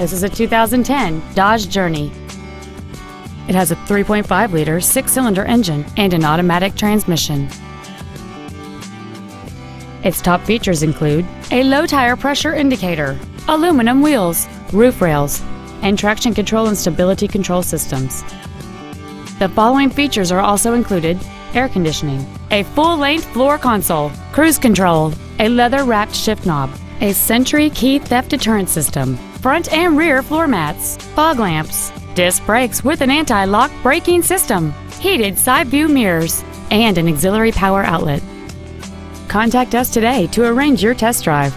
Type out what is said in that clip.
This is a 2010 Dodge Journey. It has a 3.5-liter six-cylinder engine and an automatic transmission. Its top features include a low-tire pressure indicator, aluminum wheels, roof rails, and traction control and stability control systems. The following features are also included air conditioning, a full-length floor console, cruise control, a leather-wrapped shift knob, a Sentry key theft deterrent system, front and rear floor mats, fog lamps, disc brakes with an anti-lock braking system, heated side view mirrors, and an auxiliary power outlet. Contact us today to arrange your test drive.